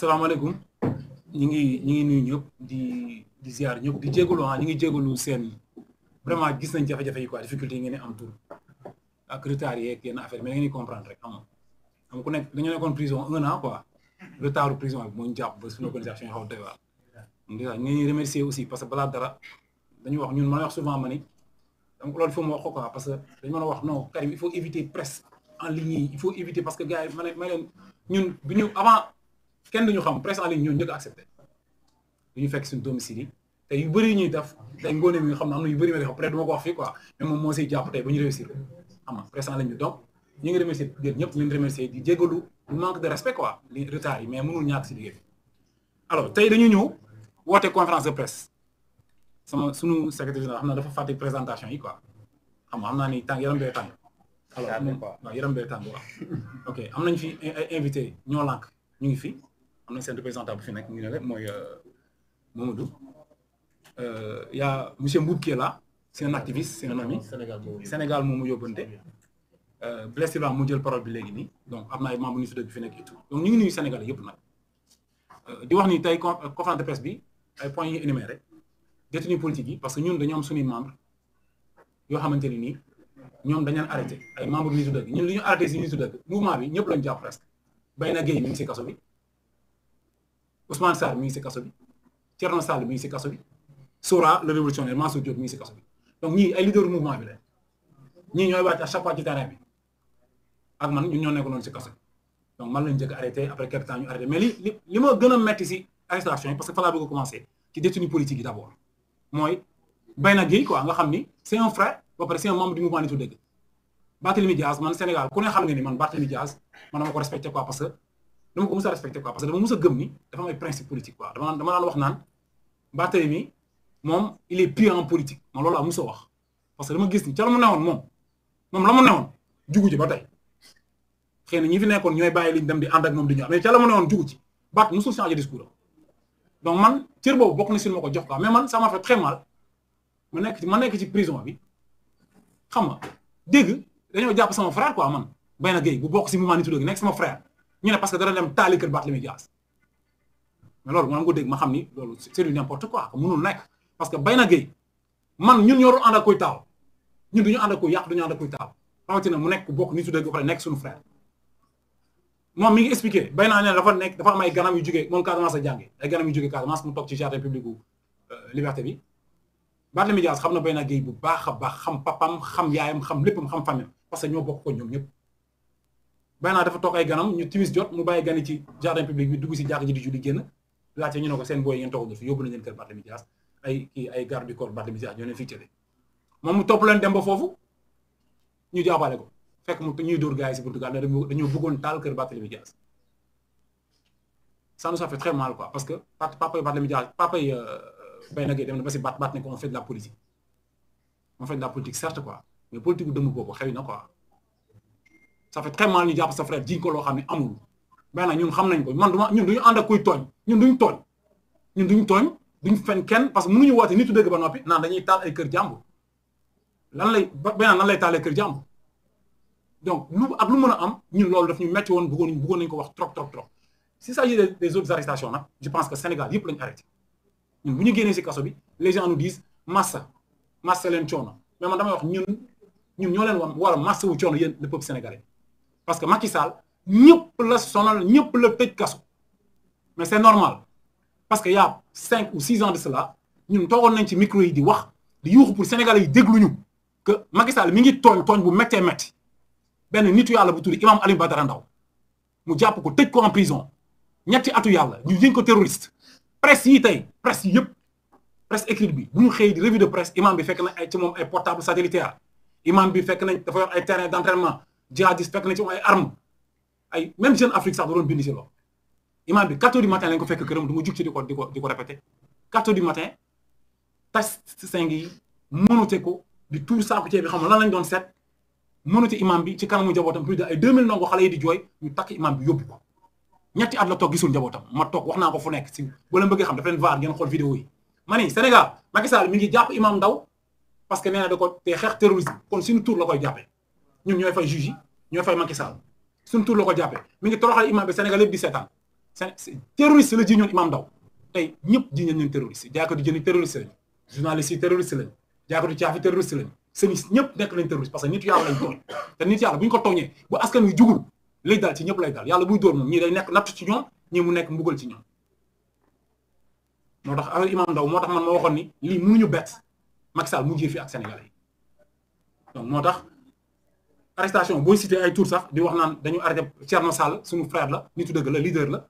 salaamaaleykum ñu ngi ñu ngi nuyu ñëpp di di ziar ñëpp di jégalu ah ñu ngi jégalu seen vraiment gis nañ jafe-jafe yi quoi difficulté yi ngeen am tur ak retard yeeg yenn affaire mais da ngeen di comprendre rek xam nga ku nekk dañoo nekkoon prison un an quoi retard prison bi moo ñu jàpp ba suñu organisation yi xaw doy ñu ngi aussi parce que balaa dara dañuy wax ñun mën wax souvent ma ni donc loolu il faut ma wax ko quoi parce que dañu mën a wax non Karim il faut éviter parce que gars yi ma ne ma leen ñun kenn duñu xam presse en ligne ñoo njëkk accepté fekk suñu domicile yi te yu bëri ñuy def tey ngóone mi xam ne am na yu bëri ma def après du ma ko wax fii quoi moom moo siy jàpp ba ñu réussir xam nga presse en ligne ñu ngi ñëpp ñu ngi remercier di jégalu du manque de respect quoi li yi mais mënul ñàkk si liggéey bi alors tey dañu ñëw woote conférence de presse sama sunu secrétaire général xam naa dafa fàtte présentation yi quoi xam nga xam naa ni tàng yaram bee tàng alors waaw yaram bee tàng waaw ok am nañ fi ay eh, eh, invité ñoo lànk ñu ngi fi am na seen représentant bu fi nekk ñu ne la mooy euh, Mamadou euh, y' a monsieur Mboub qui est là c'est un activiste c'est un ami Sénégal moom mu yóbbante euh, Blaise mu jël parole bi léegi nii donc am na ay membres UNICEF bi fi nekk et ñu ngi yëpp nag di wax ni tey conférence de presse bi ay points yi énuméré détenus politiques yi parce que ñun dañoo am suñuy membres yoo xamante ni nii ñoom dañu leen arrêté ay membres UNICEF ñun li ñu arrêté si UNICEF mouvement bi ñëpp lañu jàpp presque bay na géey mi ngi bi. Ousmane Sarr mi ngi si kaso bi Thierno Sall mi ngi si kaso bi Sora le révolutionnaire Mansour Diop mi ngi si kaso bi donc ñii ay leader mouvement bi la ñii ñooy wàcc chaque fois ci terrain bi ak man ñun ñoo nekk si kaso bi donc man lañ njëkk arrêté après quelque temps ñu arrêté mais li li li ma gën a metti si arrestation parce que fa laa bëgg a ci détenu politique yi d' abord mooy Bayna Gueye quoi xam ni c' est un frère ba pare c' est un membre du mouvement ku ne xam nga ni man Barthélémy Diaz dama ko mos a respecté quoi parce que dama mos a ni ay principe politique quoi dama dama daan wax naan Barthélemy moom il est pire en politique man loolu laa mos wax parce que dama gis ni ca la mu newoon moom moom la mu newoon jugu ba tey xëy na ñi fi nekkoon ñooy bàyyi liñ dem di ànd ak moom di ñëw mais ca la mu newoon jugu ci Barth mosul changé discours donc man cër boobu bokk na si ma ko jox ko quoi mais man ça m'a fait très mal ma nekk ci ma nekk ci prison bi xam nga dégg dañoo jàpp sama frère quoi man Bayna Gueye bu bokk si mouvement Nittu Dëgg nekk sama frère. ñu ne parce que dara dem taali kër Barthélémy Dias mais loolu maanaam ko dégg ma xam ni loolu c'est du n'importe quoi mënul nekk parce que bay Bayna Gueye man ñun ñoo ànd ak kuy taaw ñun duñu ànd ak kuy yàq duñu ànd ak kuy taaw rawatina mu nekk bokk ni su dëgg ba pare nekk suñu frère moom mi ngi bay Bayna ne dafa nekk dafa am ay ganam yi jógee moom Casamance a jànge ay ganam yu jógee Casamance mu toog ci jardin public bu euh, liberté bi Barthélémy Dias xam na Bayna Gueye bu baax baax xam papam xam yaayam xam léppam xam famille parce que ñoo bokk ko ñoom ñëpp Bayna dafa toog ay ganam ñu timis jot mu bàyyi gani ci jardin public bi dugg si jàkk ji di julli génn laajte ñu ne ko seen booy ngeen toogul fi yóbbu nañ leen kër mu topp leen dem ba foofu ñu jàppale ko fekk mu ñuy dóor gars yi si Portugal ne dañoo bëggoon taal kër Barthélémy Dias ça nous a fait très mal quoi parce que papa yi Barthélémy Dias papa yi euh, Bayna Gueye dem na ba si baat baat ne ko on fait de la politique on fait de la politique certes quoi mais politique bu dëng boobu xëy na ko ça fait très mal ñu jàpp sa frère jiñ ko loo xam ne amul mais nag ñun xam nañ ko man duma ñun duñu ànd ak kuy tooñ ñun duñu tooñ ñun duñu tooñ duñ fen kenn parce que mënuñu woote nitu dëgg ba noppi naan dañuy taal ay kër jàmbur lan lay beneen lan lay taalee kër jàmbur donc lu ak lu mën a am ñun loolu daf ñu metti woon bëggoon bëggoon nañu ko wax trop trop trop sa s'agit des autres arrestations nag je pense que Sénégal yëpp lañu arrêté ñun bu ñu génnee si kaso bi les gens nous disent massa massa leen coono mais man damay wax ñun ñun ñoo leen war war a wu coono yéen le peuple parce que Macky Sall ñëpp la sonal ñëpp la tëj kaso mais c'est normal parce que y cinq ou six ans de cela ñun toogoon nañ ci micro yi di wax di yuuxu pour sénégalais yi dégluñu que Macky Sall mi ngi tooñ tooñ bu méttee métti benn nitu yàlla bu tudd imam Alioune Badara Ndao mu jàpp ko tëj ko en prison ñetti atu yàlla ñu yëñ ko terroriste presse yi tey presse yi yëpp presse bi bu ñu xëyee di revue de presse imam bi fekk nañ ay portable satellitaire imam bi fekk nañ dafa ay terrain d'entraînement jihadiste fekk na ci ay arme ay même jeune Afrique sax da doon bind si loolu imaam bi 4 heures du matin lañ ko fekk këram du mu jug ci di ko di ko du matin tas seng yi mënute ko di tuur saaku ceeb bi xam nga lan lañ doon seet mënute imam bi ci kanamu njabootam plus de ay 2000 ndongo xale yi di jooy ñu takk imam bi yóbbu ko ñetti at la toog gisul njabootam ma toog wax naa ko fu nekk si bu leen bëggee xam dafa leen vaar ngeen xool vidéo yi ma ni que nee na da te xeex terrorisme kon suñu la koy jàppee ñun ñooy fay juge yi ñooy fay Macky Sall suñu tur la ko jàppee mi imam bi Sénégal yëpp di seetaan la ji ñoon imam Ndao tey ñëpp ji ñeen ñeen terroriste jaakatu jëni terroriste la journaliste yi terroriste lañ jaakatu caafi terroriste lañ sëñ ñëpp nekk nañ terroriste parce que nit yàlla lañ tooñ nit yàlla bu ñu ko tooñee bu askan wi jugul lay daal ci ñëpp lay yàlla buy dóor ñii day nekk natt ci ñoom ñii mu nekk mbugal ci ñoom moo tax affaire imam Ndao moo tax man ma waxoon ni lii mënuñu bett Macky mu mujjee fi ak Sénégalais yi donc moo arrestation booy cité ay tur sax di wax naan dañu arrêté Thierno Sall suñu frère la nitu dëgg la leader la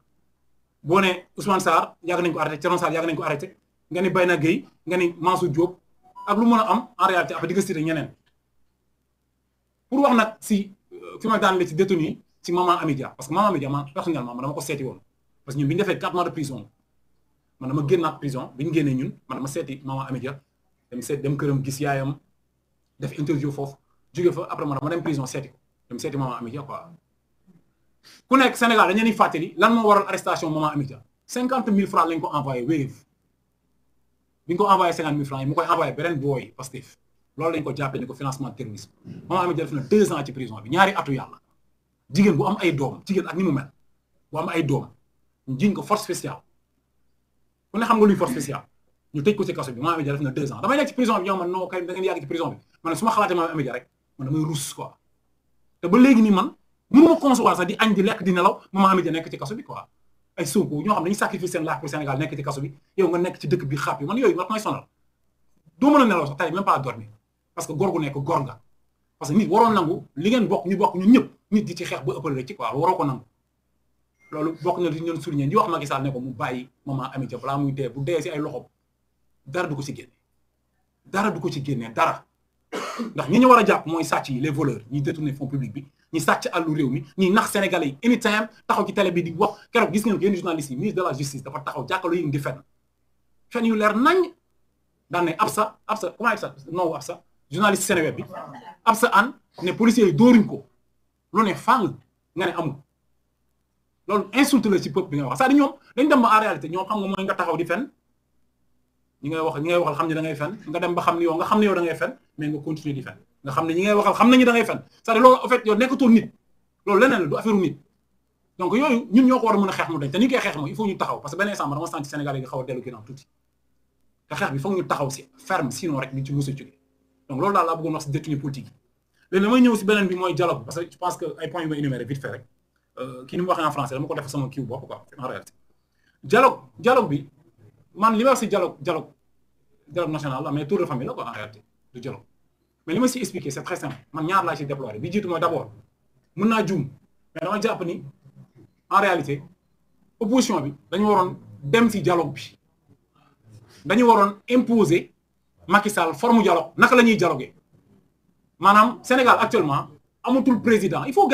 boo ne Ousmane Sarr yàgg nañu ko arrêté Thierno Sall yàgg nañu ko arrêté nga ni Bayna Gueye nga ni Mansour jóob ak lu mën a am en réalité après di nga cité ñeneen pour wax nag si euh, fi ma daan la ci détenu yi ci maman Amidia parce que maman Amidia man personnellement man dama ko seeti woon parce que ñun bi ñu defee quatre mois de prison man dama génnaat prison bi ñu génnee ñun ma man dama seeti maman Amidia dem seet dem këram gis yaayam def interview foofu jóge fa après ma dem prison seeti ko dem seeti maman Amidia quoi ku nekk Sénégal dañu leen di fàttali lan moo waral arrestation maman Amidia cinquante mille francs lañ ko envoyé Wave bi ñu ko envoyé cinquante mille francs yi mu koy envoyé beneen booy Pastef loolu lañ ko jàppee ni ko financement terrorisme hmm. maman Amidia def na deux ans ci prison bi ñaari atu yàlla jigéen bu am ay doom jigéen ak ni mu mel bu am ay doom jiñ ko force spéciale ku ne xam nga luy force spéciale ñu tëj ko ci kaso bi maman Amidia def na deux ans damay nekk ci prison bi ñoo man non kay da ngeen yàgg ci prison bi ma ne su ma xalaatee maman Amidia rek man damay ruus quoi te ba léegi nii man mënuma concevoir sax di añ di lekk di nelaw Maman Amidia nekk ci kaso bi quoi ay Sonko ñoo xam dañu sacrifice seen laax pour Sénégal nekk ci kaso bi yow nga nekk ci dëkk bi xaap yi man yooyu wax may sonal doo mën a nelaw sax tey même pas dormir parce que góor gu nekk góor nga parce que nit waroon nangu li ngeen bokk ñu bokk ñun ñëpp nit di ci xeex ba ëppal rek ci quoi waroo ko nangu loolu bokk na li ñoon souligné di wax Macky Sall ne ko mu bàyyi Maman Amidia balaa muy dee bu dee si ay loxoom dara du ko ci génne dara du ko ci génne dara ndax ñi ñu war a jàpp mooy sàcc yi les voleurs ñi détourné fonds public bi ñi sàcc àllu réew mi ñi nax sénégalais yi anytime taxaw ci télé bi di wax keroog gis ngeen ko yéen journaliste yi ministre de la justice dafa taxaw jàkkaarloo yi di fenn yu leer nañ daan ne Absa Absa comment Absa non Absa journaliste Seneweb bi Absa an ne policiers yi dóoruñ ko lu ne fàng nga ne amul loolu insulte la ci peuple bi nga wax c'est-à-dire ñoom dañ dem ba en réalité ñoom xam nga nga taxaw di fenn ñi ngay wax ñi ngay waxal xam ne da fen nga dem ba xam ne yow nga xam ne yow da fen mais nga continuer di fen nga xam ne ñi ngay fen cest à loolu en fait yow nekkatul nit loolu leneen la du affaire nit donc yooyu ñun ñoo ko war a a xeex mu dañ te ni ñu taxaw a dellu ginnaaw tuuti te xeex bi foog ñu a jóge donc loolu daal laa wax si détenu politique yi léegi damay ñëw si beneen bi mooy dialogue parce que je pense que ay points yu ma énuméré vite fait euh, bi man li ma si dialogue dialogue dialogue national la mais tour de famille la quoi en réalité du dialogue mais li si expliqué c'est très simple man ñaar laa ci déploré bi jiitu mooy d'abord mën naa juum mais dama jàpp ni en réalité opposition bi dañu waroon dem si dialogue bi dañu waroon imposer Macky formu forme dialogue naka la ñuy dialoguer maanaam Sénégal actuellement amatul président il faut